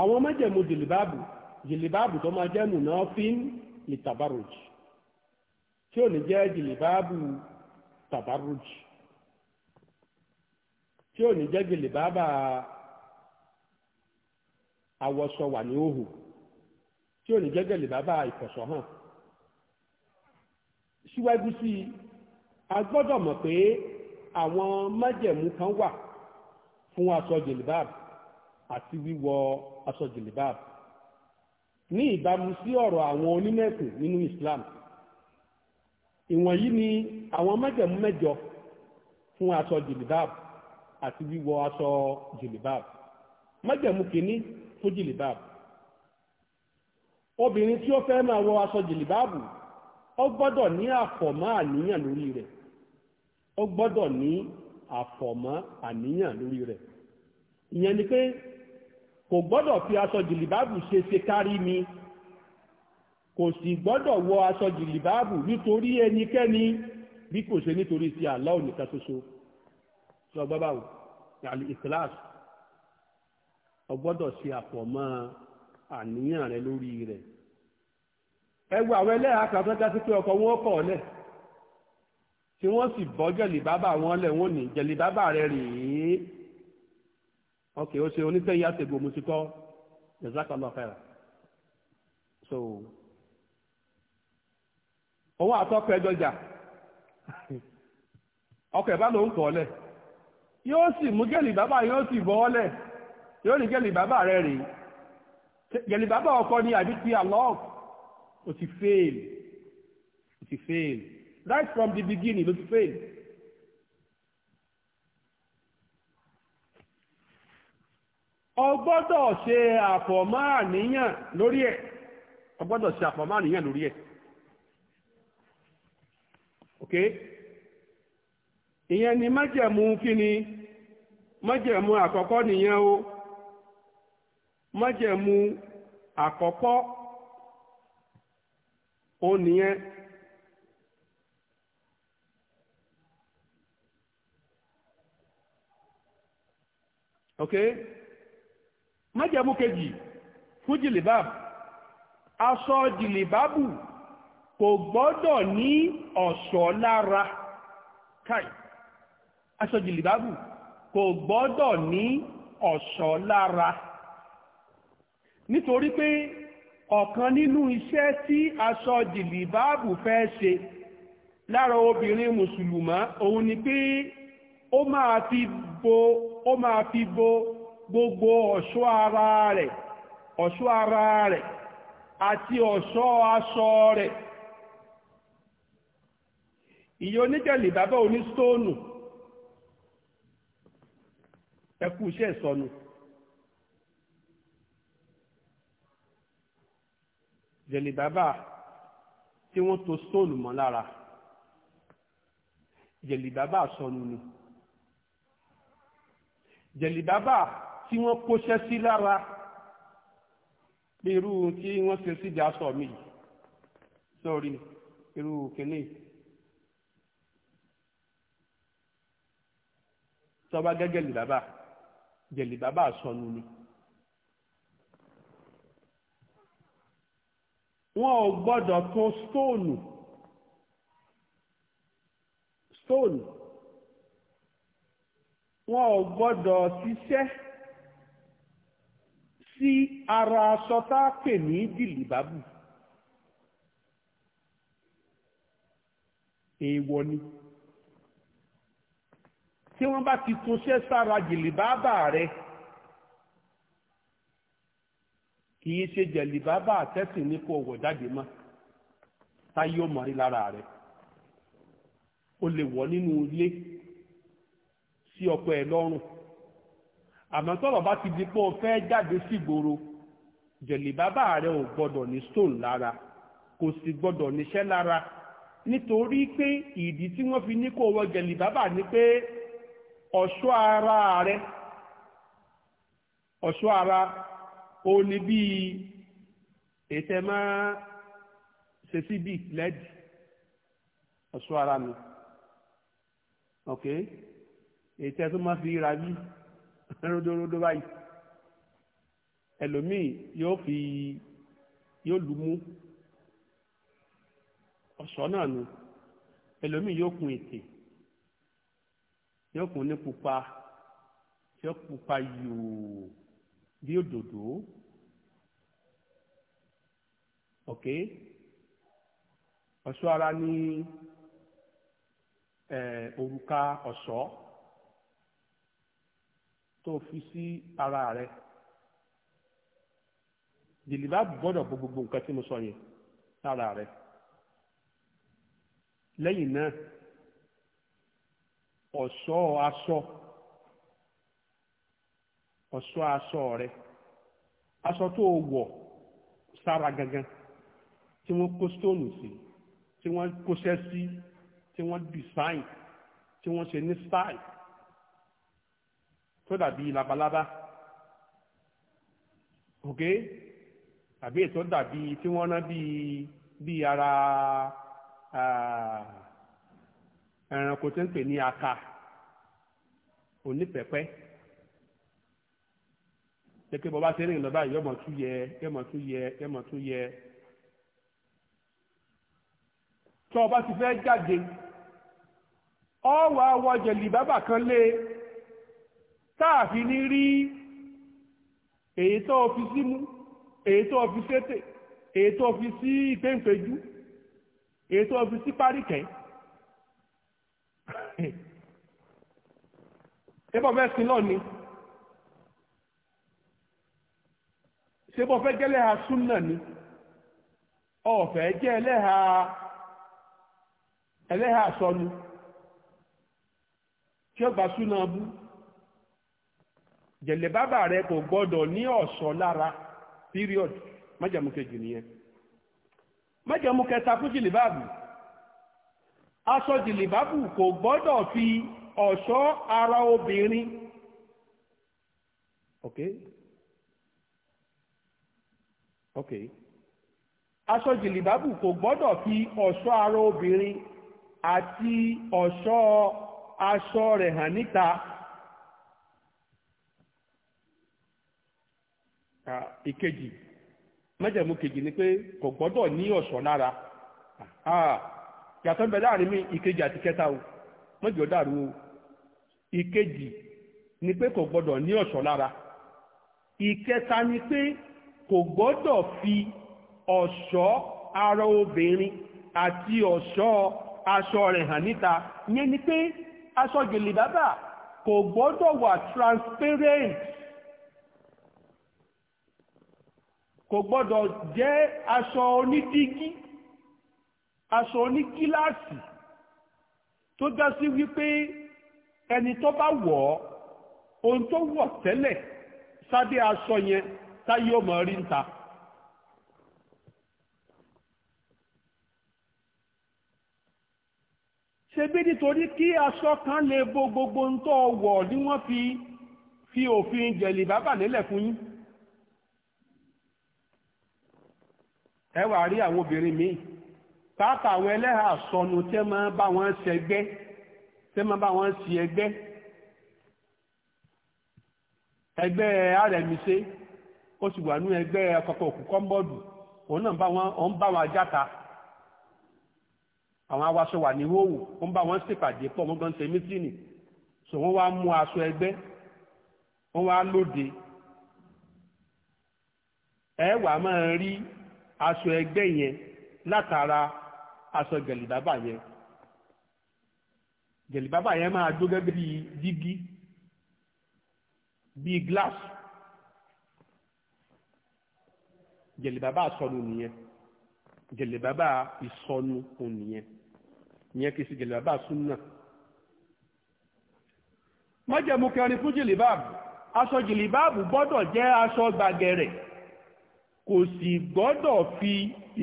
àwọn májẹ̀mú jìlìbáàbù jìlìbáàbù tó máa jẹ́ mùnà fín lè tàbárùj tí ò ní jẹ́ jìlìbáàbù tàbárùj tí ò ní jẹ́ jìlìbáàbà àwọ̀sọ wà ní òhù tí ò ní jẹ́ jìlìbáàbà ìfọ̀sọ̀ hàn síwájú sí i a gbọ́dọ̀ mọ̀ pé àwọn májẹ̀mú kan wà fún aṣọ jìlìbáàbù àti wíwọ aṣọ ní ìbámu sí ọ̀rọ̀ àwọn onímẹ̀sìn nínú Islam ìwọ̀nyí ni àwọn májẹ̀mú mẹ́jọ fún aṣọ jìlìbáàbù àti wíwọ aṣọ jìlìbáàbù májẹ̀mú kìíní fún jìlìbáàbù obìnrin tí ó fẹ́ máa wọ aṣọ jìlìbáàbù ó gbọ́dọ̀ ní àfọ̀mọ́ àníyàn lórí rẹ̀ ó gbọ́dọ̀ ní àfọ̀mọ́ àníyàn lórí rẹ̀ kò gbọ́dọ̀ fi aṣọ jìlìbáàbù ṣe ṣe kárí mi kò sì gbọ́dọ̀ wọ aṣọ jìlìbáàbù nítorí ẹnikẹ́ni bí kò ṣe nítorí ti Allah nìkan ṣoṣo sọ gbọ́dọ̀ wò yàrá ìkíláàsì ọgbọ́dọ̀ ṣe àpọ̀mọ́ àníyàn rẹ lórí rẹ̀ ẹ wo àwọn ẹlẹ́yà kan tó pé ọkọ wọn kọ̀ lẹ̀ tí wọ́n sì bọ́ jẹ̀lì wọn lẹ̀ wọ́n ní jẹ̀lì bábà rèé ok ó ṣe onífẹ́ yá tègbò mo ti kọ́ jazakallah khaira so owó àtọ́kọ ẹjọ́ jà ọkọ̀ ẹ̀bá ló ń kọ́ lẹ̀ yóò sì mú gẹ̀lì bàbá yóò sì bọ́ lẹ̀ yóò ní gẹ̀lì bàbá rẹ̀ rèé gẹ̀lì bàbá ọkọ ni àbí ti Allah ó ti fail ó ti fail right from the beginning ló ti fail. ọ gbọ́dọ̀ ṣe àfọ̀mọ́ lórí ẹ̀ ọ ṣe àfọ̀mọ́ lórí ẹ̀ ok ìyẹn ni májẹ̀mú kí májẹ̀mú àkọ́kọ́ nìyẹn o májẹ̀mú àkọ́kọ́ ó nìyẹn ok. májẹ̀mú kejì fún jìlìbáàbù aṣọ jìlìbáàbù kò gbọ́dọ̀ ní ọ̀ṣọ́ lára káì aṣọ jìlìbáàbù kò gbọ́dọ̀ ní ọ̀ṣọ́ lára nítorí pé ọ̀kan nínú iṣẹ́ tí aṣọ jìlìbáàbù fẹ́ ṣe lára obìnrin mùsùlùmá òun ni pé ó máa fi bo ó máa fi bo gbogbo ọ̀ṣọ́ ara rẹ̀ ọ̀ṣọ́ ara rẹ̀ àti ọ̀ṣọ́ aṣọ rẹ̀ ìyẹ́ oníjẹ̀lì bàbá onístóònù ẹkú iṣẹ́ ìsọnù jẹ̀lì bàbá tí wọ́n to stóònù mọ́ lára jẹ̀lì bàbá sọnù ni jẹ̀lì bàbá tí wọ́n kóṣẹ́ sí lára irú tí wọ́n ṣe síbi aṣọ mi sọ́rí irú kìíní. tọ́ba gẹ́gẹ́ lì bàbá jẹ̀lì bàbá sọnù ni. wọn ò gbọ́dọ̀ tó stóònù stóònù wọn ò gbọ́dọ̀ ṣiṣẹ́. Si sí ara aṣọ tá a pè ní dìlìbábù èèwọ̀ ni tí wọ́n bá ti túnṣẹ́ sára jìlìbábà rẹ kì í ṣe jìlìbábà àtẹ́sìn ní kó wọ̀ jáde mọ́ táyé ó mọ̀rí lára rẹ o lè wọ̀ nínú ilé sí ọkọ ẹ lọ́rùn àmọ́ tọ́rọ̀ bá ti di pé o fẹ́ jáde sígboro jẹ̀lì bàbá rẹ ò gbọ́dọ̀ ní stone lára kò sì gbọ́dọ̀ níṣẹ́ lára nítorí pé ìdí tí wọ́n fi ní kó wọ jẹ̀lì bàbá ni pé ọ̀ṣọ́ ara rẹ ọ̀ṣọ́ ara ó ní bíi ètè máa ṣe sí bíi lẹ́dì ọ̀ṣọ́ ara mi ok ètè tó máa fi ra bíi ródóródó báyìí ẹlòmíì yóò fi yóò lù mú ọ̀ṣọ́ náà nu ẹlòmíì yóò kun ètè yóò kun ní pupa yóò pupa yòò bí òdòdó ok ọ̀ṣọ́ ara ní òrùka ọ̀ṣọ́ tó fi sí ara rẹ̀ jìlìbá gbọ́dọ̀ bo gbogbo nǹkan tí mo sọ yẹn lára rẹ̀ lẹ́yìn náà ọ̀ṣọ́ aṣọ ọ̀ṣọ́ aṣọ rẹ̀ aṣọ tó wọ̀ sára gangan tí wọ́n kó stóònù sí tí wọ́n kóṣẹ́ sí tí wọ́n dìsáìn tí wọ́n ṣe ní style tó dàbí labalábá ok àbí ètò dàbí tí wọ́n rán bí bí ara ẹranko tó ń pè ní aka onípẹ̀pẹ́ gẹ́gẹ́ bọ́ bá ṣe rìn lọ báyìí yọmọ tún yẹ yọmọ tún yẹ yọmọ tún yẹ tọ́ ọ bá ti fẹ́ jáde ọ wàá wọ jẹ̀lì bábà kan lé táàfi ní rí èyí tó fi símú èyí tó fi sétè èyí tó fi sí ìpéǹpéjú èyí tó fi sí páríkẹ́ ṣébọ̀ fẹ́ sin lọ ni ṣébọ̀ fẹ́ jẹ́ lẹ́ha súnà ni ọ̀fẹ́ jẹ́ ẹlẹ́ha ẹlẹ́ha sọnù tí ó gbà súnà bú jẹ̀lẹ̀ bàbà rẹ kò gbọ́dọ̀ ní ọ̀ṣọ́ lára period májàmú kejì nìyẹn májàmú kẹta fún jìlìbáàbù aṣọ jìlìbáàbù kò gbọ́dọ̀ fi ọ̀ṣọ́ ara obìnrin ok ok aṣọ jìlìbáàbù kò gbọ́dọ̀ fi ọ̀ṣọ́ ara obìnrin àti ọ̀ṣọ́ aṣọ rẹ̀ hàn níta ìkejì májẹ̀mú kejì ni pé kò gbọ́dọ̀ ní ọ̀ṣọ́ lára yàtọ̀ ń bẹ láàrin mi ìkejì àti kẹta o mọ́jì dàrú o ìkejì ni pé kò gbọ́dọ̀ ní ọ̀ṣọ́ lára ìkẹta kò gbọ́dọ̀ fi ọ̀ṣọ́ ara obìnrin àti ọ̀ṣọ́ aṣọ rẹ̀ hàn níta yẹn ni pé aṣọ gèlè bàbà kò gbọ́dọ̀ wà transparent kò gbọ́dọ̀ jẹ́ aṣọ onídígí aṣọ onígíláàsì tó dá sí wípé ẹni tó bá wọ̀ ọ́ ohun tó wọ̀ tẹ́lẹ̀ sábẹ́ aṣọ yẹn táyé ọmọ rí ń ta. ṣebí nítorí kí aṣọ kan lè bo gbogbo ń tọ́ wọ̀ ni wọ́n fi fi òfin jẹ̀lì bábà nílẹ̀ fún yín. ẹ wá rí àwọn obìnrin míì pàápàá àwọn ẹlẹ́hà sọnù tẹ́ máa bá wọn ṣẹgbẹ́ tẹ́ máa bá wọn ṣe ẹgbẹ́ ẹgbẹ́ rmc ó sì wà ní ẹgbẹ́ ọkọ̀ òkú òun náà bá wọn òun bá wọn ajáta àwọn awaṣọ wà ní wòwò wọ́n bá wọn ṣèpàdé pọ̀ wọ́n gan so wọ́n wá mú aṣọ ẹgbẹ́ aṣọ ẹgbẹ́ yẹn látara aṣọ gẹ̀lìbábà yẹn gẹ̀lìbábà yẹn máa dó gẹ́gẹ́ bí dígí bí glass gẹ̀lìbábà sọnù nìyẹn gẹ̀lìbábà ìsọnù òun nìyẹn ìyẹn kìí ṣe gẹ̀lìbábà súnà májẹ̀mú kẹrin fún jìlìbáàbù aṣọ jìlìbáàbù gbọ́dọ̀ jẹ́ aṣọ gbàgẹ̀rẹ̀ kò sì gbọ́dọ̀ fi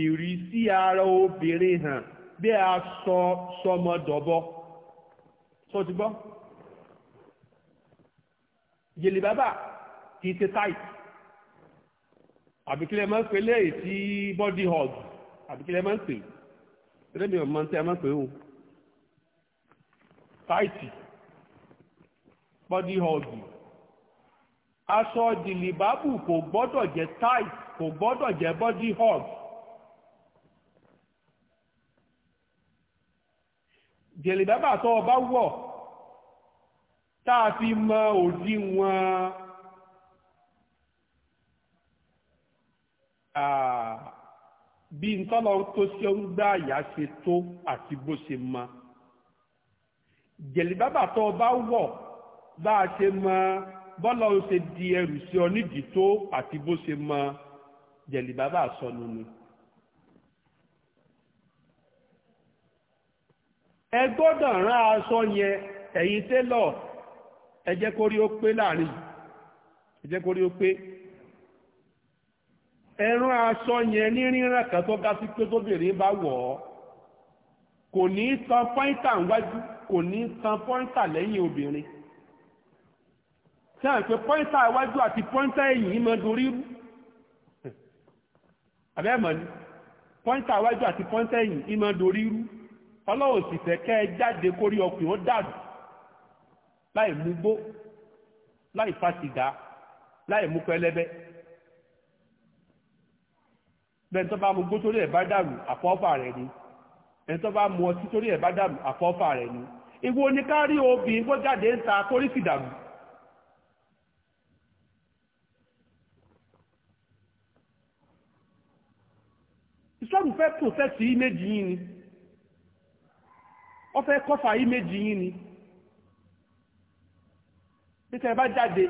ìrísí ara obìnrin hàn bí a sọ sọmọdọ̀bọ tó ti gbọ́ jèlè bàbà kì í ṣe tight àbíkílẹ̀ máa ń pè léyìí tí body hug àbíkílẹ̀ máa ń pè rẹ́mi ọ̀mọ tí a máa ń pè ó tight body hug aṣọ dìlìbábù kò gbọ́dọ̀ jẹ́ tight kò gbọ́dọ̀ jẹ́ body hug jẹ̀lìbábà tó o bá wọ̀ tá a fi mọ òdiwọ̀n bí ntọ́lọ tó ṣe ń gbá àyà ṣe tó àti bó ṣe mọ jẹ̀lìbábà tó o bá wọ̀ bá a ṣe mọ bọ́lá o ṣe di ẹrù sí ọ nídìí tó àti bó ṣe mọ jẹ̀lì bàbá àsọnù ni. ẹ gbọ́dọ̀ rán aṣọ yẹn ẹ̀yin télọ̀ ẹ jẹ́ kó rí ó pé láàrin ẹ jẹ́ kó rí ó pé ẹ̀rún aṣọ yẹn ní ríràn kan tó ga sí pé tóbìnrin bá wọ̀ ọ́ kò ní tan pọ́ńtà wájú kò ní tan pọ́ńtà lẹ́yìn obìnrin tí a ń pè pọ́ńtà iwájú àti pọ́ńtà ẹ̀yìn mọ́ dorí rú àbẹ́mọ̀ ni pọ́ńtà iwájú àti pọ́ńtà ẹ̀yìn mọ́ dorí rú ọlọ́wọ́ sì fẹ́ kẹ́ ẹ jáde kórí ọkùnrin ó dàrú láì mú gbó láì fa sìgá láì mú pẹlẹbẹ bẹ́ẹ̀ tó bá mu gbó torí ẹ̀ bá dàrú àfọ́fà rẹ̀ ni ẹni tó bá mu ọtí torí ẹ̀ bá dàrú àfọ́fà rẹ̀ ni ìwọ ni ká rí obìnrin kó jáde ń ta torí sì dàrú Islam fẹ́ protect image yín ni wọ́n fẹ́ kọ́fà image yín ni níta ẹ bá jáde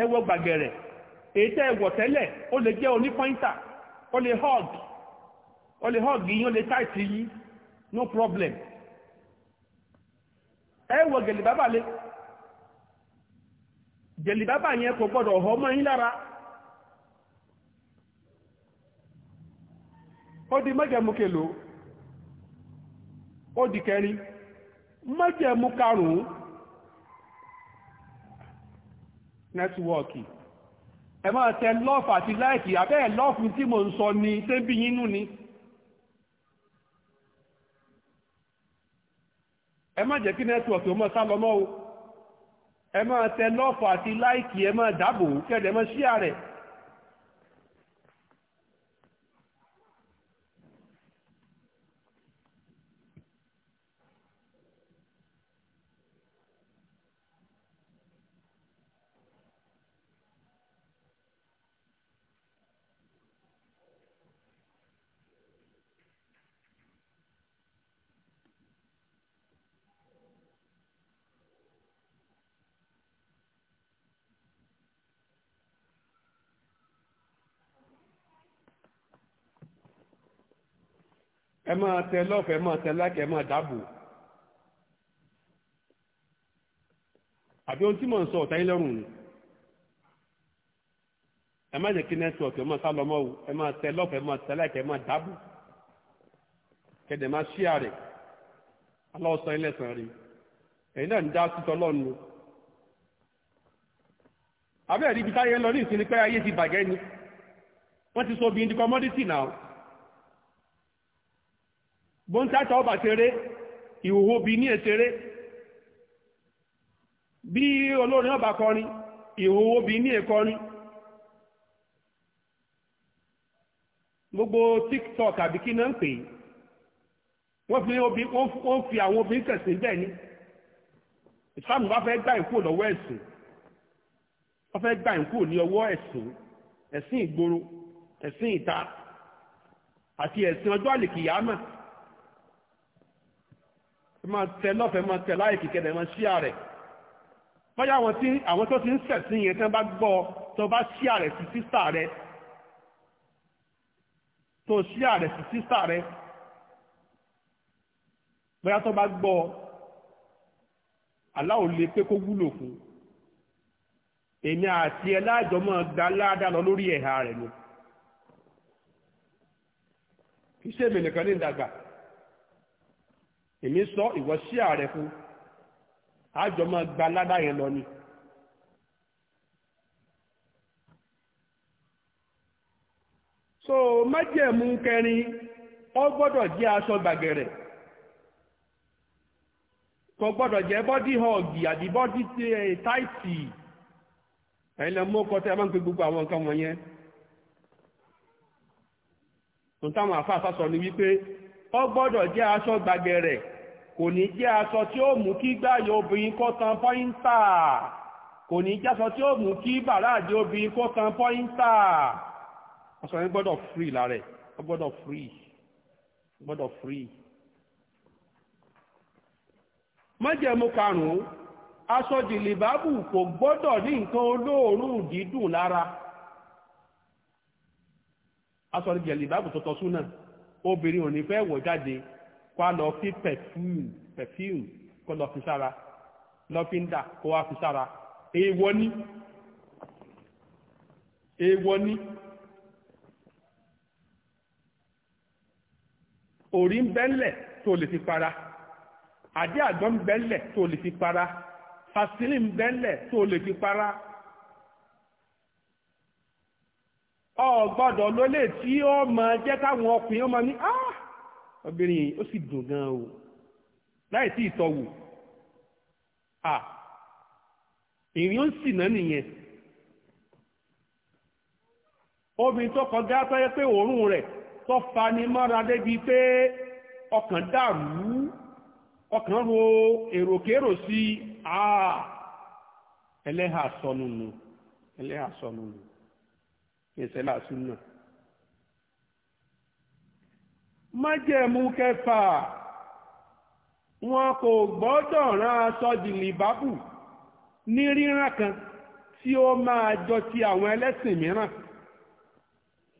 ẹ wọ gbàgẹ̀rẹ̀ èyí tẹ́ ẹ wọ̀ tẹ́lẹ̀ ó lè jẹ́ onípọ́ńtà ó lè hug ó lè hug yín ó lè tight yín no problem ẹ wọ gẹ̀lì bábà lé gẹ̀lì bábà yẹn kò gbọ́dọ̀ họ́ mọ́ yín lára. ó di májẹ̀mú kèlò ó di kẹrin májẹ̀mú karùn-ún nẹ́tíwọ́ọ̀kì ẹ máa tẹ lọ́ọ̀fù àti láìkì abẹ́ lọ́ọ̀fù tí mo ń sọ ni tẹ́bí yínú ni ẹ má jẹ́ kí nẹ́tíwọ́ọ̀kì ó mọ́ o ẹ máa tẹ lọ́ọ̀fù àti láìkì ẹ máa dáàbò kẹ́ẹ̀dẹ̀ mọ́ sí ààrẹ̀ ẹ máa tẹ lọ́fẹ̀ẹ́ máa tẹ láìkẹ́ máa dáàbò àbí ohun tí mò ń sọ ọ̀tá yín lọ́rùn ẹ má jẹ́ kí nẹ́tíwọ̀kì sá lọ́mọ́ o ẹ máa tẹ lọ́fẹ̀ẹ́ máa tẹ láìkẹ́ máa dáàbò kẹ̀dẹ̀ máa ṣíà rẹ̀ aláwọ̀sọ ilé ẹ̀sán rí ẹ̀yin náà ń dá títọ́ lọ́nu abẹ́rẹ́ ibi táyé ń lọ ní ìsinmi pé ayé ti bàjẹ́ ni wọ́n ti sọ bóńtátà ọba tẹ́rẹ́ ìhòhò bí ní ètẹ́rẹ́ bí olórin ọba kọrin ìhòhò bí ní gbogbo tiktok àbí kí náà ń pè wọ́n fi àwọn obìnrin tẹ̀sìn bẹ́ẹ̀ ni ìsìlámù bá fẹ́ gbà ń kúrò lọ́wọ́ ẹ̀sìn wọ́n fẹ́ gbà ń kúrò ní ọwọ́ ẹ̀sìn ẹ̀sìn ìgboro ẹ̀sìn ìta àti ẹ̀sìn ọjọ́ àlèkìyàmọ̀ ẹ tẹ lọ́fẹ̀ẹ́ máa tẹ láì kìkẹ́ ẹ máa ṣíà rẹ̀ bóyá tí àwọn tó ti ń sẹ̀sìn yẹn tán bá gbọ́ tó bá ṣíà rẹ̀ sí sísà rẹ̀ tó ṣíà rẹ̀ sí sísà rẹ̀ bóyá tó bá gbọ́ aláwo lè pé kó wúlò fún èmi àti ẹ láàjọ máa gba ládàá lọ lórí ẹ̀ha rẹ̀ lò kí ṣèmi nìkan ní ìdàgbà. èmi sọ ìwọ sí ààrẹ fún àjọ máa gba yẹn lọ ni. so májẹ̀mú kẹrin ọ gbọdọ jẹ́ aṣọ gbàgẹ̀rẹ̀ kò gbọdọ dị bọ́dí họ́ọ̀gì àbí bọ́dí eh, táìtì ẹ̀yìn lẹ́mú ọkọ̀ tí a máa ń pe gbogbo àwọn nǹkan wọ̀nyẹn tòun táwọn àfáàfáà sọ ni wípé ọ gbọdọ jẹ́ aṣọ kò ní jẹ́ aṣọ tí ó mú kí gbáyé obìnrin kó tan pọ́íńtà kò ní jẹ́ aṣọ tí ó mú kí bàràjì obìnrin kó tan pọ́íńtà aṣọ yẹn gbọ́dọ̀ free lára ẹ̀ ó gbọ́dọ̀ free gbọ́dọ̀ free. májẹ̀mú karùn-ún aṣọ jìlìbábù kò gbọ́dọ̀ ní nǹkan olóòórùn dídùn lára aṣọ jìlìbábù tó tọ́ súnà obìnrin ò ní fẹ́ wọ̀ jáde wá lọ fi perfume perfume kó lọ fi sára lọ́fíńdà kó wá fi sára èèwọ̀ ni èèwọ̀ ni òrí ń bẹ́lẹ̀ tó lè fi para àdé àgbọn ń bẹ́lẹ̀ tó lè fi para fasili ń bẹ́lẹ̀ tó lè fi para o gbọ́dọ̀ lólè tí ó mọ jẹ́ káwọn ọkùnrin ó ní ah! obìnrin yìí ó sì dùn gan o láì tí ìtọ́wò à ìrìn ó sì náà nìyẹn obìnrin tó kọjá tó yẹ pé òórùn rẹ̀ tó fani mọ́ra débi pé ọkàn dàrú ọkàn ro èròkérò sí àà ẹlẹ́hà sọnù nù ẹlẹ́hà sọnù nù ìṣẹ́lá sún náà májẹ̀mú kẹfà wọn kò gbọ́dọ̀ rán aṣọ dìlìbábù ní ríran kan tí ó máa jọ ti àwọn ẹlẹ́sìn mìíràn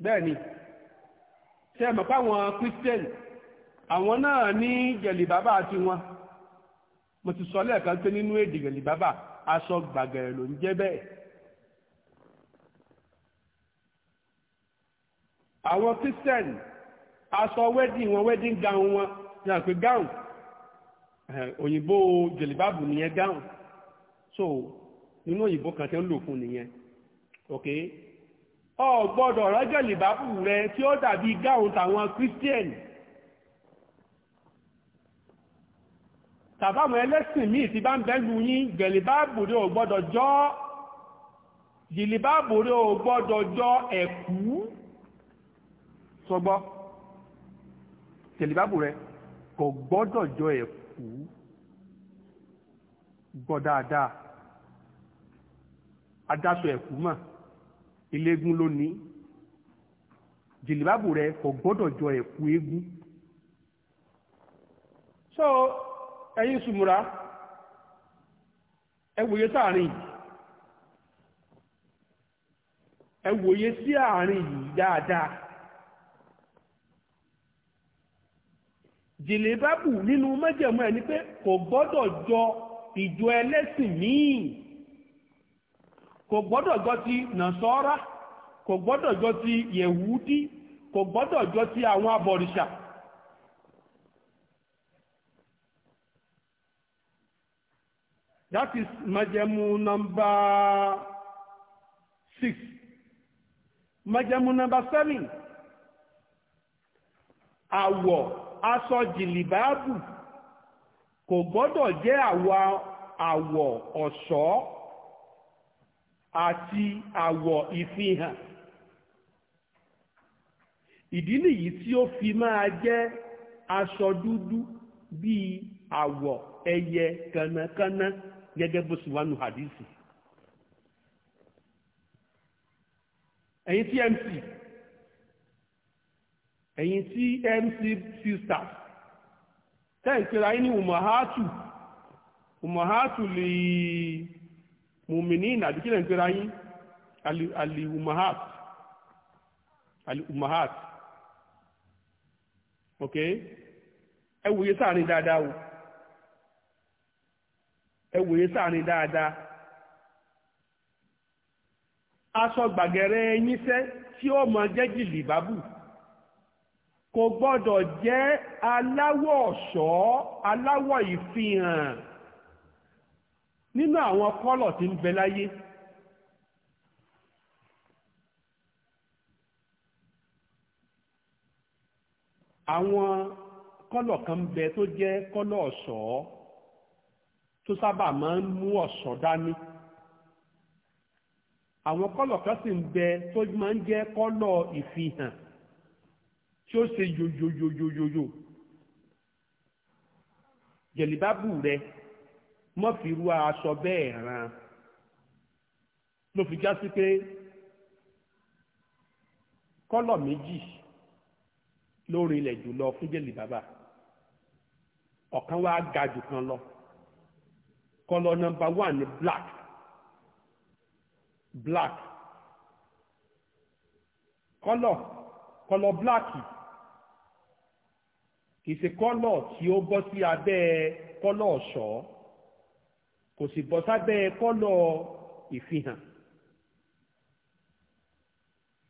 bẹ́ẹ̀ ni ṣe mọ̀ páwọn christian àwọn náà ní gẹ̀lìbábà àti wọn mo ti sọ lẹ́ẹ̀kan pé nínú èdè gẹ̀lìbábà aṣọ gbàgẹ̀rẹ̀ ló ń jẹ́ bẹ́ẹ̀ àwọn christian aṣọ wedding wọn wedding gown wọn ní àpè gown òyìnbó jèlìbáàbù nìyẹn gown so nínú òyìnbó kan tẹ́ ń lò fún nìyẹn ok ọ gbọ́dọ̀ rọ́jọ́ jèlìbáàbù rẹ tí ó dàbí gown tàwọn christian tàbáwọn ẹlẹ́sìn míì ti bá ń bẹ́lu yín jèlìbáàbù rẹ ò gbọ́dọ̀ jọ jèlìbáàbù rẹ ò gbọ́dọ̀ jọ ẹ̀kú sọgbọ́n. So, tẹ̀lébábù rẹ kò gbọ́dọ̀ jọ ẹ̀kú gbọ́ dáadáa adáṣọ ẹ̀kú mọ̀ ilégún lónìí jìlìbábù rẹ kò gbọ́dọ̀ jọ ẹ̀kú eégún so ẹ̀yin sùmùrà ẹ wòye sáàrin yìí ẹ wòye sí àárín yìí dáadáa jìlìbábù nínú májẹ̀mú ẹ̀ pé kò gbọ́dọ̀ jọ ìjọ ẹlẹ́sìn míì kò gbọ́dọ̀ jọ ti nàṣọ́ra kò gbọ́dọ̀ jọ ti yẹ̀wúdí kò gbọ́dọ̀ jọ ti àwọn abọ̀rìṣà that is májẹ̀mú nọ́mbà six májẹ̀mú nọ́mbà seven àwọ̀ aṣọ jìlìbáàbù kò gbọ́dọ̀ jẹ́ àwọ̀ ọ̀ṣọ́ àti àwọ̀ ìfihàn ìdí nìyí tí ó fi máa jẹ́ aṣọ dúdú bíi àwọ̀ ẹyẹ kànnàkànnà gẹ́gẹ́ bó sì wà nù hadisi ẹ̀yin tmc ẹ̀yin TMC sisters tẹ́yìn pera yín umahatu umahatu lè mùmìnì ìnàbí kílẹ̀ ń pera umahat ok ẹ sáàrin o ẹ sáàrin dáadáa aṣọ gbàgẹ̀rẹ̀ yín sẹ́ tí ó kò gbọ́dọ̀ jẹ́ aláwọ̀ ọ̀ṣọ́ aláwọ̀ ìfihàn nínú àwọn kọ́lọ̀ tí ń bẹ láyé àwọn kọ́lọ̀ kan bẹ tó jẹ́ kọ́lọ̀ ọ̀ṣọ́ tó sábà máa ń mú ọ̀ṣọ́ dání àwọn kọ́lọ̀ kan sì ń bẹ tó máa ń jẹ́ kọ́lọ̀ ìfihàn tí ó ṣe yoyoyoyoyo jẹ̀lìbábù rẹ mọ́fìrú aṣọ bẹ́ẹ̀ rán ló fi já sí pé kọ́lọ̀ méjì ló rinlẹ̀ jùlọ fún jẹ̀lìbábà ọ̀kan wá ga jù kan lọ kọ́lọ̀ nọ́mbà wà ní black black kọ́lọ̀ kọ́lọ̀ black kì í ṣe kọ́lọ̀ tí ó bọ́ sí abẹ́ kọ́lọ̀ ọ̀ṣọ́ kò sì bọ́ sábẹ́ kọ́lọ̀ ìfihàn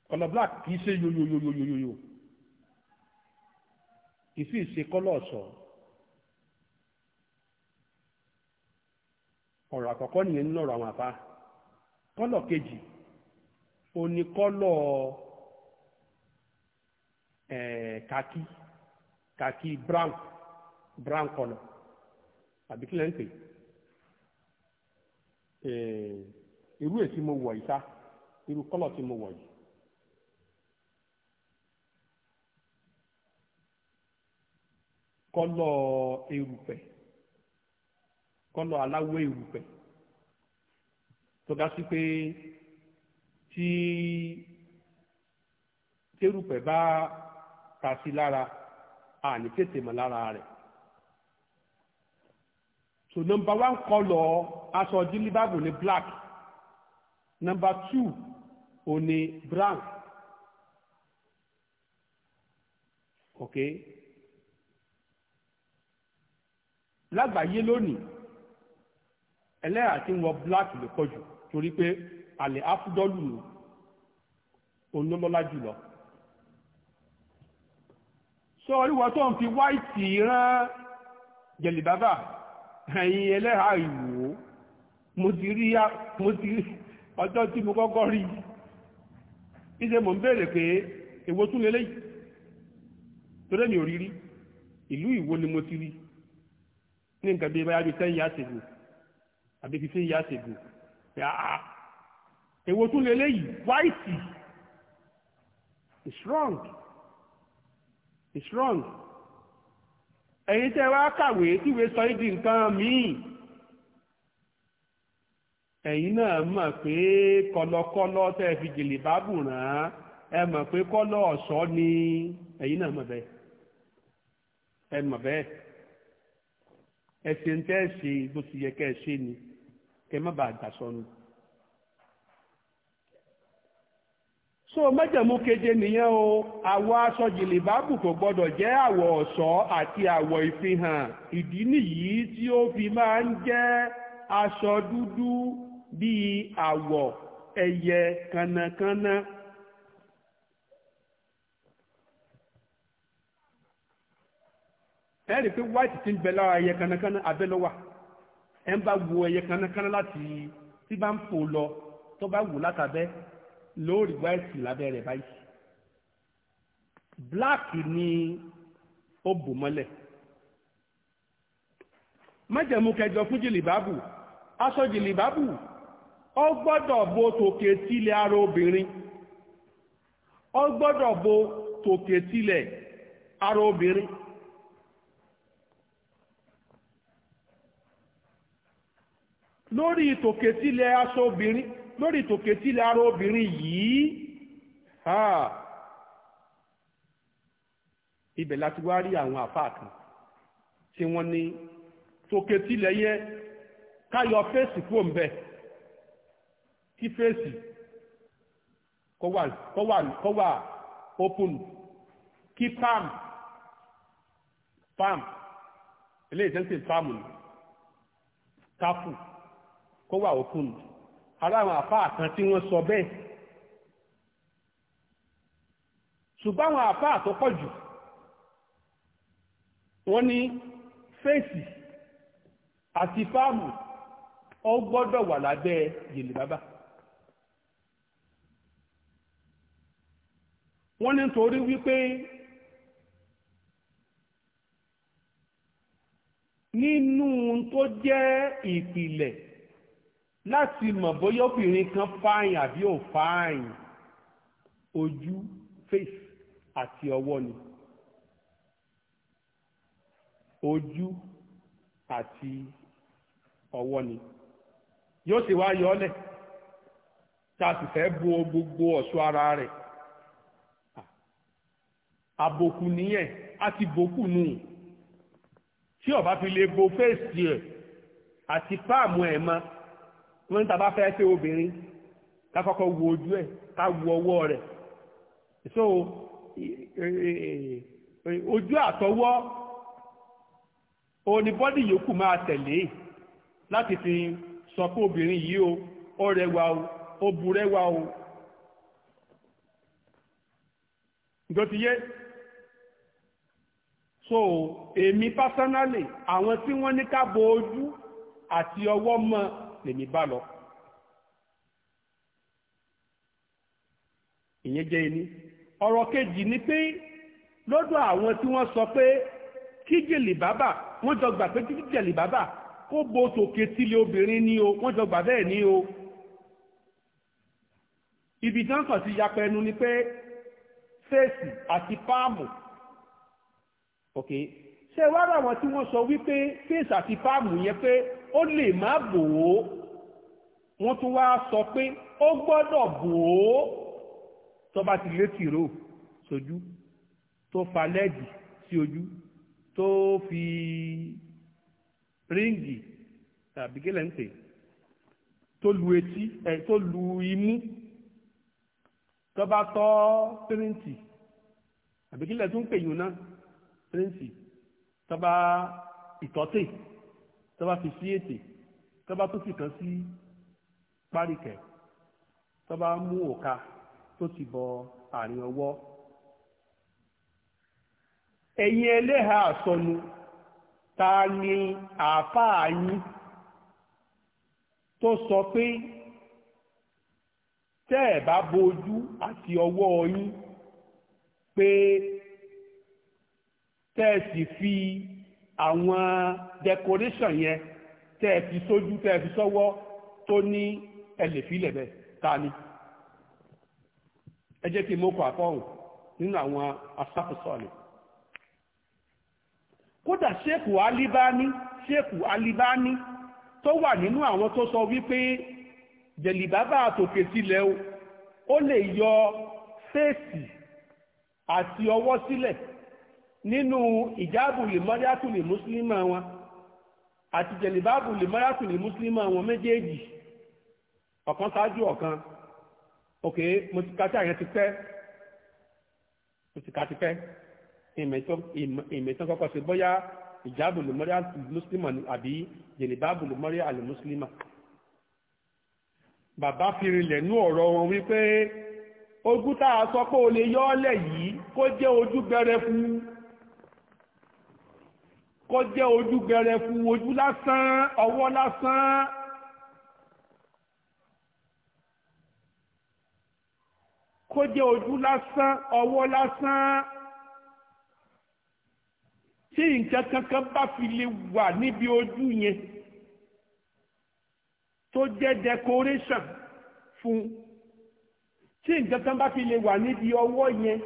kọ́lọ̀ black kì í ṣe yoyoyoyoyoyo kì í sì ṣe kọ́lọ̀ ọ̀ṣọ́ ọ̀rọ̀ àkọ́kọ́ nìyẹn nínú ọ̀rọ̀ àwọn àbá kọ́lọ̀ kejì oní kọ́lọ̀ ẹ̀ẹ́dẹ́kàkí. Eh, kàkí brown brown a àbí kílẹ̀ ń pè eh, irú èsì mo wọ̀ yìí sá irú kọ́lọ̀ tí mo wọ̀ yìí. kọ́lọ̀ erùpẹ̀ kọ́lọ̀ aláwọ̀ erùpẹ̀ tó ga sí pé tí tẹ́rùpẹ̀ bá ta àní tètè mọ̀ lára rẹ̀ so number one kọlọ aṣọ dilibabu ni black number two ó ní brown ok lágbàáyé lónìí ẹlẹ́yà tí ń wọ black lè pọ̀ jù torí pé àlè áfúdọ́lù òun ló lọ́lá jùlọ sọ oríwọ tó ń fi wáìtì rán jẹ̀lìbábà ẹ̀yìn ẹlẹ́ha ìwò mo ti rí ọjọ́ tí mo kọ́kọ́ rí ìṣe mò ń béèrè pé èwo tún lélẹ́yìí torí mi ò rí rí ìlú ìwo ni mo ti rí ní nǹkan bí báyá bí ten years ago àbí fifteen years ago yàá èwo tún lélẹ́yìí wáìtì is wrong it's wrong ẹ̀yin tẹ́ wá kàwé tíwèé sọ yìí di nǹkan míì ẹ̀yin náà mọ̀ pé kọlọkọlọ tẹ́ fi jìlì bábù ràn án ẹ mọ̀ pé kọ́lọ́ ọ̀ṣọ́ ni ẹ̀yin náà mọ̀ bẹ́ẹ̀ ẹ mọ̀ bẹ́ẹ̀ ẹ tẹ́ ṣe bó ti yẹ kẹ́ ẹ ṣe ni kẹ́ má bàa gbà sọnù. so mẹ́jẹ̀mú keje nìyẹn o àwọ̀ aṣọ jìlìbábù kò gbọdọ jẹ àwọ̀ ọ̀ṣọ́ àti àwọ̀ ìfihàn ìdí nìyí tí ó fi máa ń jẹ aṣọ dúdú bíi àwọ̀ ẹyẹ kanakana. ẹ rí i pé white ti ń bẹ lára ẹyẹ kanakana abẹ́lọ́wà ẹ ń bá wo ẹyẹ kanakana láti tí bá ń fò lọ tó bá wù látàbẹ́ lórí wáìtì lábẹ́ báyìí bíláàkì ni ó bò mọ́lẹ̀ májẹ̀mú kẹjọ fún jìlìbábù aṣọ jìlìbábù ó gbọ́dọ̀ bo tòkè sílẹ̀ ara obìnrin ó gbọ́dọ̀ ara obìnrin. lórí tòkè sílẹ̀ aṣọ obìnrin lórí tòkè tí lára obìnrin yìí ha ibẹ̀ láti wá rí àwọn àfáà kan tí wọ́n ní tòkè tí lẹ́yẹ káyọ fèsì kúrò ń bẹ̀ kí fèsì kó wà kó wà kó open kí palm palm eléyìí tẹ́ńtì palm ni káfù kó open. ará àwọn àfáà kan tí wọ́n sọ bẹ́ẹ̀ ṣùgbọ́n àwọn àfáà tó pọ̀ jù wọ́n ní fèsì àti fáàmù ọ gbọ́dọ̀ wà lábẹ́ yèlè bàbá wọ́n ní nítorí wípé nínú tó jẹ́ ìpìlẹ̀ láti mọ̀ bóyá obìnrin kan fáyìn àbí ò fáyìn ojú face àti ọwọ́ ni ojú àti ọwọ́ ni yóò sì wá yọ ọ́lẹ̀ tá a sì fẹ́ bo gbogbo ọ̀ṣọ́ ara rẹ̀ àbòkù nìyẹn a ti bòkù nù tí ó fi lè bo fèsì ẹ̀ àti páàmù ẹ̀ mọ́ wọ́n ní tàbá fẹ́ fẹ́ obìnrin ká kọ́kọ́ wo ojú ẹ̀ ká wo ọwọ́ rẹ̀ so ojú àtọwọ́ òní bọ́dì yòókù máa tẹ̀lé láti fi sọ pé obìnrin yìí o ó rẹwà o ó burẹ́wà o ǹjọ́ ti yé so èmi personally àwọn tí wọ́n ní ká bo ojú àti ọwọ́ mọ́ ọ lèmi bá lọ. ìyẹn jẹ́ ẹni ọ̀rọ̀ kejì ni pé lọ́dọ̀ àwọn tí wọ́n sọ pé kí jèlè bàbà wọ́n jọ gbà pé kí jèlè bàbà kó bo tòkè tílé obìnrin ni o wọ́n jọ gbà bẹ́ẹ̀ ni o ibi tí wọ́n kàn sí ni pé fèsì àti páàmù ok ṣé wàá rà tí wọ́n sọ wípé fèsì àti páàmù yẹn pé ó lè má bò ó wọ́n tún wá sọ pé ó gbọ́dọ̀ bò ó tó bá ti lé tìró sójú tó fa lẹ́ẹ̀dì sí ojú tó fi ríǹgì tàbí kílẹ̀ ń pè tó lu etí ẹ̀ tó lu imú tó bá tọ́ píríǹtì àbí kílẹ̀ tún pè yùn náà píríǹtì tó bá ìtọ́tè tó bá fi sí ètè tó bá tún fi kàn sí. Si páríkẹ̀ tó bá mú òka tó ti bọ àárín ọwọ́ ẹ̀yin ẹlẹ́ha àsọnu ta ni àáfàá yín tó sọ pé tẹ́ ẹ̀ bá bojú àti ọwọ́ yín pé tẹ́ ẹ sì fi àwọn decoration yẹn tẹ́ ẹ fi sójú tẹ́ ẹ fi sọ́wọ́ tó ní ẹ lè fi lẹ̀bẹ̀ ta ni ẹ jẹ́ kí mọ́kọ àfọ́hùn nínú àwọn asáfùsọ̀lẹ̀ kódà ṣéèkù alíbáni ṣéèkù alíbáni tó wà nínú àwọn tó sọ wípé jẹ̀lìbábà àtòkè sílẹ̀ o ó lè yọ fèsì àti ọwọ́ sílẹ̀ nínú ìjáàbù lèmọ́rìátù lè mùsùlùmí wọn àti jẹ̀lìbábù lèmọ́rìátù mùsùlùmí wọn méjèèjì ọ̀kan ṣáájú ọ̀kan ok mo ti ka tí àyàn ti pẹ́ mo ti ka ti pẹ́ ìmẹ̀tàn kọ́kọ́ ṣe bóyá ìjáàbù lùmọ́rí àlùmùsùlùmọ̀ àbí jẹ̀lẹ̀báàbù lùmọ́rí àlùmùsùlùmọ̀ bàbá fi rinlẹ̀ nú ọ̀rọ̀ wọn wípé ojú tá a sọ pé o lè yọ ọ́lẹ̀ yìí kó jẹ́ ojú gbẹrẹfu kó jẹ́ ojú gbẹrẹfu ojú lásán ọwọ́ lásán kó jẹ́ ojú lásán ọwọ́ lásán tí nǹkan kankan bá fi lè wà níbi ojú yẹn tó jẹ́ decoration fún tí nǹkan kan bá fi lè wà níbi ọwọ́ yẹn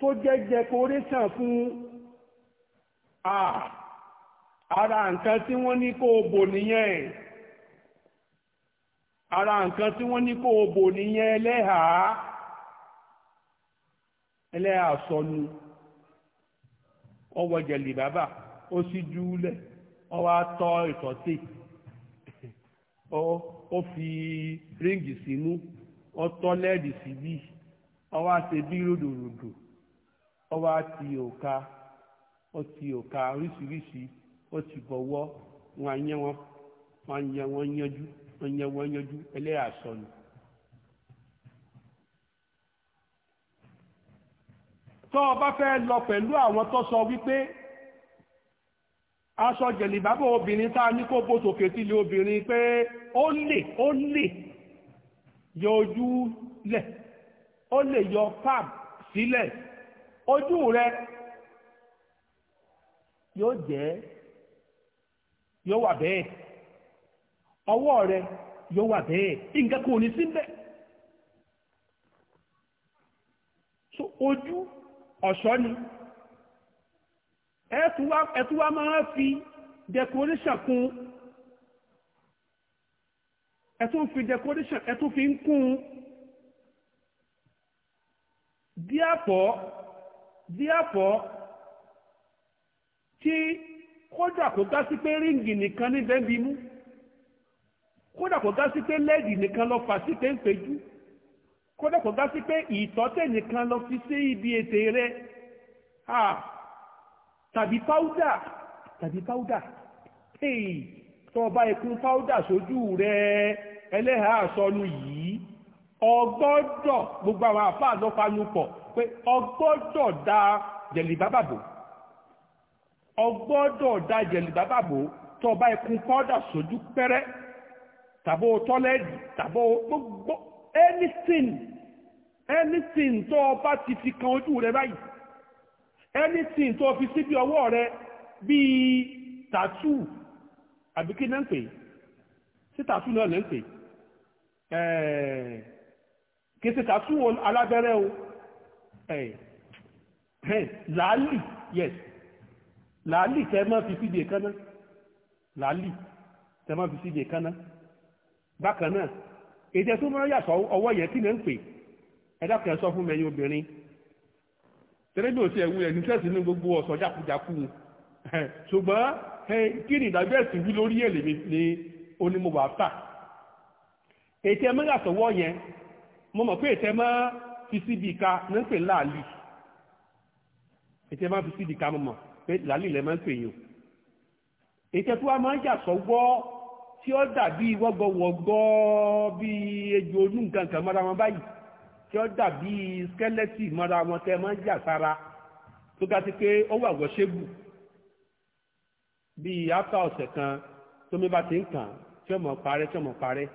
tó jẹ́ decoration fún ara nǹkan tí wọ́n ní kó o bò nìyẹn ara nǹkan tí wọ́n ní kó o bò nìyẹn lẹ́hàá. ẹlẹ́yà àsọnu ọwọ́ jẹ̀lì bàbà ó sì júlẹ̀ ọwọ́ atọ́ ìtọ́tì ó fi ríǹgì sínú ọtọ́ lẹ́ẹ̀dì si ọwọ́ àti bí ròdòròdò ọwọ́ àti òka ó ti òka oríṣiríṣi ó ti bọ̀wọ́ wọn á wọn wọn wọn yanjú wọn yẹ wọn yanjú tó o bá fẹ́ lọ pẹ̀lú àwọn tó sọ wípé aṣọ jẹ̀lìbábọ̀ obìnrin tá a ní kó bó sòkè sílé obìnrin pé ó lè ó lè yọ ojú lẹ̀ ó lè yọ pap sílẹ̀ ojú rẹ yóò jẹ́ yóò wà bẹ́ẹ̀ ọwọ́ rẹ yóò wà bẹ́ẹ̀ nǹkan kò ní síbẹ̀ so ojú ọ̀ṣọ́ ni ẹ̀tún wá máa fi decoration kún ẹ̀tún fi decoration ẹ̀tún fi ń kún therefore therefore tí kódà kò dá sí pé ríǹgì nìkan níbẹ̀ ń bimú kódà kò dá sí pé lẹ́ẹ̀dì nìkan lọ fà sí pé ń pejú kódà kò dá sí pé ìtọ́tẹ̀ nìkan lọ fi sí ibi ètè rẹ tàbí páúdà tàbí páúdà hey tó bá ikún páúdà sójú rẹ ẹlẹ́hàá àsọnu yìí ọgbọ́dọ̀ gbogbo àwọn àfáà ló fanu pọ̀ pé ọgbọ́dọ̀ da jẹ̀lìbábà bò ọgbọ́dọ̀ da jẹ̀lìbábà bò tó bá ikún páúdà sójú pẹ́rẹ́ tàbó tọ́lẹ́ẹ̀dì tàbó gbogbo anything anything tó o bá ti fi kan ojú rẹ báyìí anything tó o fi síbi ọwọ́ rẹ bíi tattoo àbí kí náà ń pè sí tattoo náà lè ń pè eh, kì í ṣe tattoo alábẹ́rẹ́ o eh, eh, làálì yes làálì tẹ́ máa fi síbi èkánná làálì tẹ́ máa fi síbi èkánná bákan náà èdè tó máa yàtọ̀ ọwọ́ yẹn kí lè ń pè ẹ̀dá kan sọ fún mẹ́yìn obìnrin tẹ́lẹ́bí òsì ẹ̀wù ẹ̀ní sẹ́ẹ̀sì ní gbogbo ọ̀sọ̀ jákujáku ṣùgbọ́n kí ni ìdájọ́ ẹ̀sìn wí lórí èlè mi ni onímọ̀wá tà ètè ẹ̀ yàtọ̀ ọwọ́ yẹn mo mọ̀ pé ètè ẹ̀ fi síbi ìka ní ń pè láàlì ètè ẹ̀ fi síbi ìka mọ̀ pé láàlì lẹ́ ń pè yìí o ètè tó wá máa ń yàtọ̀ ọwọ́ tí ó dàbí wọ́gbọ̀wọ̀gbọ́ bí ejò ojú nǹkan kan mọ́ra wọn báyìí tí ó dàbí skẹ́lẹ́tì mọ́ra wọn tẹ́ máa ń jà sára tó ga sí pé ó wà wọ́ṣẹ́gù bíi áfà ọ̀sẹ̀ kan tómi bá ti ń kàn tí ọmọ parẹ́ tí ọmọ parẹ́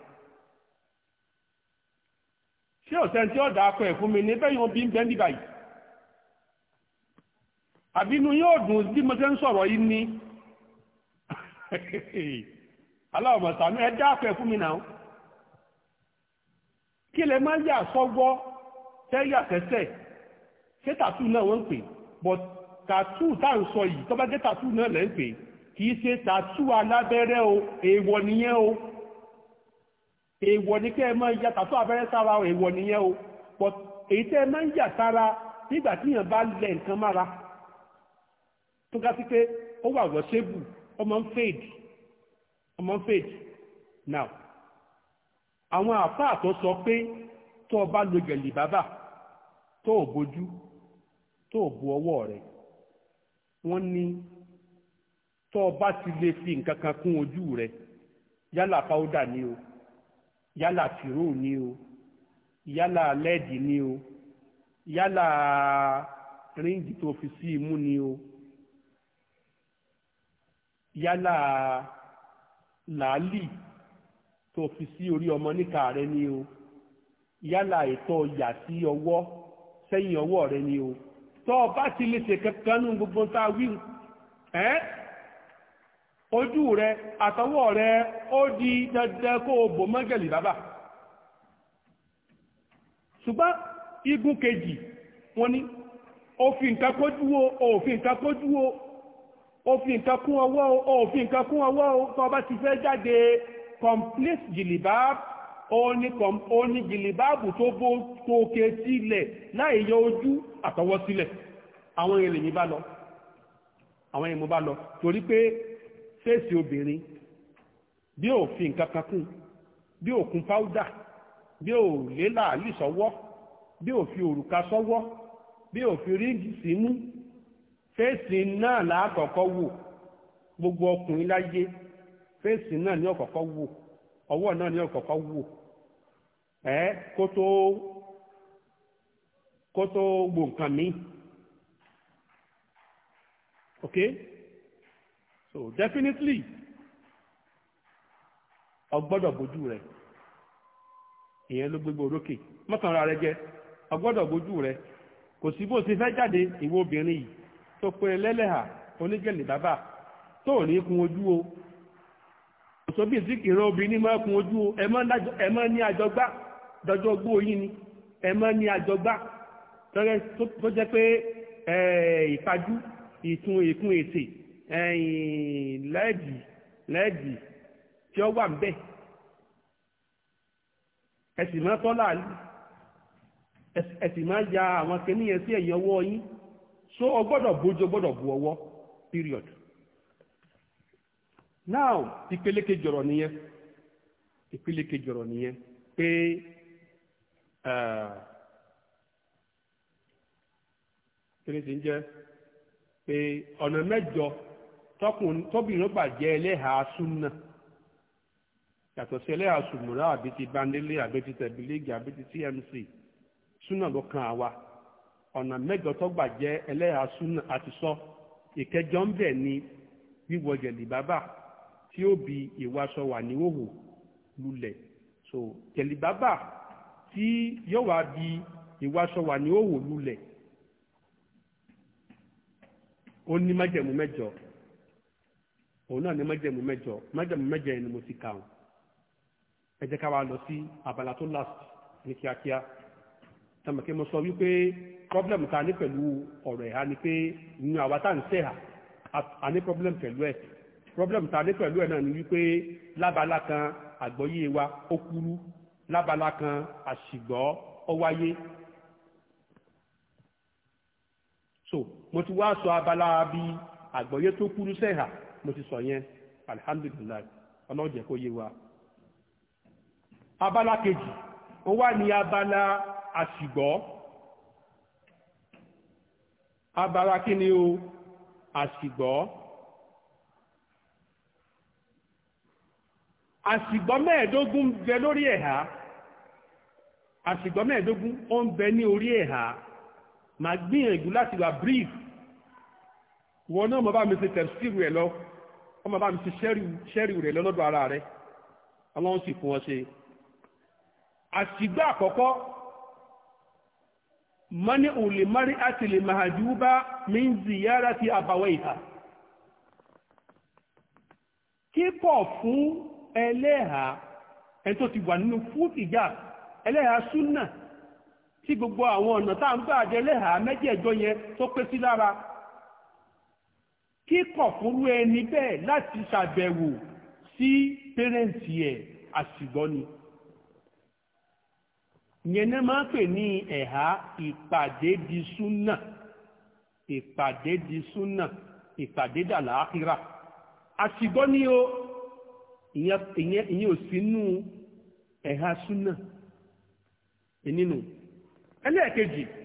ṣé ọ̀sẹ̀ tí ọ̀dà akọ ẹ̀ fún mi ní bẹ́ẹ̀ yóò bí ń bẹ́ẹ̀ níbàyí àbínú yóò dùn bí mo ṣe ń sọ̀rọ̀ yìí ní aláwọ̀mọ̀ sànú ẹ dáàfẹ́ fún mi náà kí lẹ máa yà sọ́wọ́ tẹ́ yà sẹ́sẹ̀ náà wọ́n ń pè but tàtú tá à ń sọ yìí tọ́ bá jẹ́ tàtú náà lẹ́ ń pè kì í ṣe tàtú alábẹ́rẹ́ o èèwọ̀ nìyẹn o èèwọ̀ ni kẹ́ ẹ máa ya tàtú abẹ́rẹ́ sára o èèwọ̀ nìyẹn o but èyí tẹ́ ẹ máa ń yà sára nígbà tí yàn bá lẹ̀ nǹkan mára tó ga sí pé ó wà wọ́ṣẹ́bù ọmọ ń fèèdì ọmọ faith now àwọn àfáà tó sọ pé tó o bá lo gẹ̀lì bàbà tó o bójú tó o bu ọwọ́ rẹ̀ wọ́n ní tó o bá ti lè fi nǹkan kan kún ojú rẹ̀ yálà fáwọ́dà ni o yálà tìróò ni o yálà lẹ́ẹ̀dì ni o yálà ríǹgì tó fi sí imú ni o yálà. làálì tó fi sí orí ọmọ níka rẹ ni o yálà ètò ìyà sí ọwọ́ sẹ́yìn ọwọ́ rẹ ni o tọ́ ọ bá ti lè ṣe kankan gbogbo tá a wí ẹ́ ojú rẹ àtọwọ́ rẹ ó di dandan kó o bò mọ́gẹ̀lì bàbà igun kejì wọn ni òfin o òfin nǹkan o òfin nǹkan kún ọwọ́ òfin nǹkan kún ọwọ́ tó bá ti fẹ́ jáde complete jìlìbáàbù ó ní jìlìbáàbù tó bó tókè sílẹ̀ láì yọ ojú àtọwọ́ sílẹ̀ àwọn èrè mi bá lọ àwọn èrè mi bá lọ torí pé fèsì obìnrin bí òfin nǹkan kan kún bí òkun powder bí ò lélà àlìsọwọ́ bí òfin òrùka sọ́wọ́ bí òfin ríǹgì símú fèsì náà làákọ̀ọ́kọ́ wò gbogbo ọkùnrin láyé fèsì náà ní ọ̀kọ̀ọ̀kọ́ wò ọwọ́ náà ní wò ẹ kó tó gbò nǹkan mi ok so definitely ọgbọ́dọ̀ bójú rẹ̀ ìyẹn ló gbégbó orókè mọ́kànlá rẹ jẹ ọgbọ́dọ̀ bójú kò sí ti fẹ́ jáde obìnrin tó pe lẹ́lẹ́hà onígẹ̀lì bàbà tó ò ní kun ojú o òṣòbí ìsìnkìrì obìnrin máa kun ojú o ẹ mọ́ ní àjọgbá dọjọ́ ogbó yín ni ẹ mọ́ ní àjọgbá tó jẹ́ pé ìpajú ìkun ìkun ètè lẹ́ẹ̀dì lẹ́ẹ̀dì tí ó wà ń ẹ̀sìn máa tọ́lá ẹ̀sìn máa ya àwọn kìnìyàn sí ẹ̀yìn ọwọ́ yín. so o gbọ́dọ̀ bójú o bu ọwọ period now ìpele kejì nìyẹn ìpele kejọrọ nìyẹn pé kíni ń jẹ́ pé ọ̀nà mẹ́jọ tọ́bìnrin gbà jẹ́ ẹlẹ́hàá súnà yàtọ̀ sí ẹlẹ́hàá sùmùrà àbí ti bandele àbí ti tẹ̀bílẹ́gì àbí ti tmc kan àwa. ọ̀nà mẹ́jọ tọ́gbà jẹ́ ẹlẹ́yà súnà àti sọ ìkẹjọ ń bẹ̀ ni wíwọ jẹ̀lìbábà tí ó bi ìwàsọ wà níhòhò lulẹ̀ so jẹ̀lìbábà tí yóò wá bi ìwàsọ wà níhòhò lulẹ̀ ó ní májẹ̀mú mẹ́jọ òun náà ní májẹ̀mú mẹ́jọ májẹ̀mú mẹ́jọ yẹn ni mo ti kà ọ́n ẹ jẹ́ ká wá lọ sí abala tó last ní kíákíá tàbí kí mo sọ wípé problem ta ní pẹ̀lú ọ̀rọ̀ ẹ̀há ni pé ìyún àwa tá à ń sẹ̀hà a ní problem pẹ̀lú ẹ̀ problem ta ní pẹ̀lú ẹ̀ náà ni wípé lábala kan àgbọ́yé wa ó kúrú lábala kan àṣìgbọ́ ó wáyé so mo ti wá sọ abala bí àgbọ́yé tó kúrú sẹ̀hà mo ti sọ yẹn alihamdulilayi ọlọ́jẹ̀ kó yé wa abala kejì ó wà ní abala àṣìgbọ́ abara kí ni o àsìgbọ́ àsìgbọ́ mẹ́ẹ̀ẹ́dógún ń bẹ lórí ẹ̀há àsìgbọ́ mẹ́ẹ̀ẹ́dógún ó ń bẹ ní orí ẹ̀há màá gbìyànjú láti wà brief wọn náà mo bá mi ṣe tẹ̀síìrù ẹ̀ lọ wọ́n máa bá mi ṣe ṣẹ́rìwù rẹ̀ lọ́dọ̀ ara rẹ̀ ọlọ́run sì fún wọn ṣe àsìgbọ́ àkọ́kọ́ mani ulimari ati lè mahajuba min ziyara ti àbàwẹ̀ ìhà kíkọ̀ fún ẹlẹ́ha ẹni tó ti wà nínú fún ìjà ẹlẹ́ha súnà tí gbogbo àwọn ọ̀nà tá ń gbà jẹ ẹlẹ́ha mẹ́jẹ̀ẹ̀jọ yẹn tó pé sí lára kíkọ̀ fúnrú ẹni bẹ́ẹ̀ láti ṣàbẹ̀wò sí pẹ́rẹ́ǹtì ẹ̀ àṣìgbọ́ni yẹn náà máa ń pè ní ẹ̀há ìpàdé di súnà ìpàdé di súnà ìpàdé dàlà ákírà àtìgbọ́ ni o ìyẹn ò sínú ẹ̀há súnà nínú ẹlẹ́ẹ̀kejì.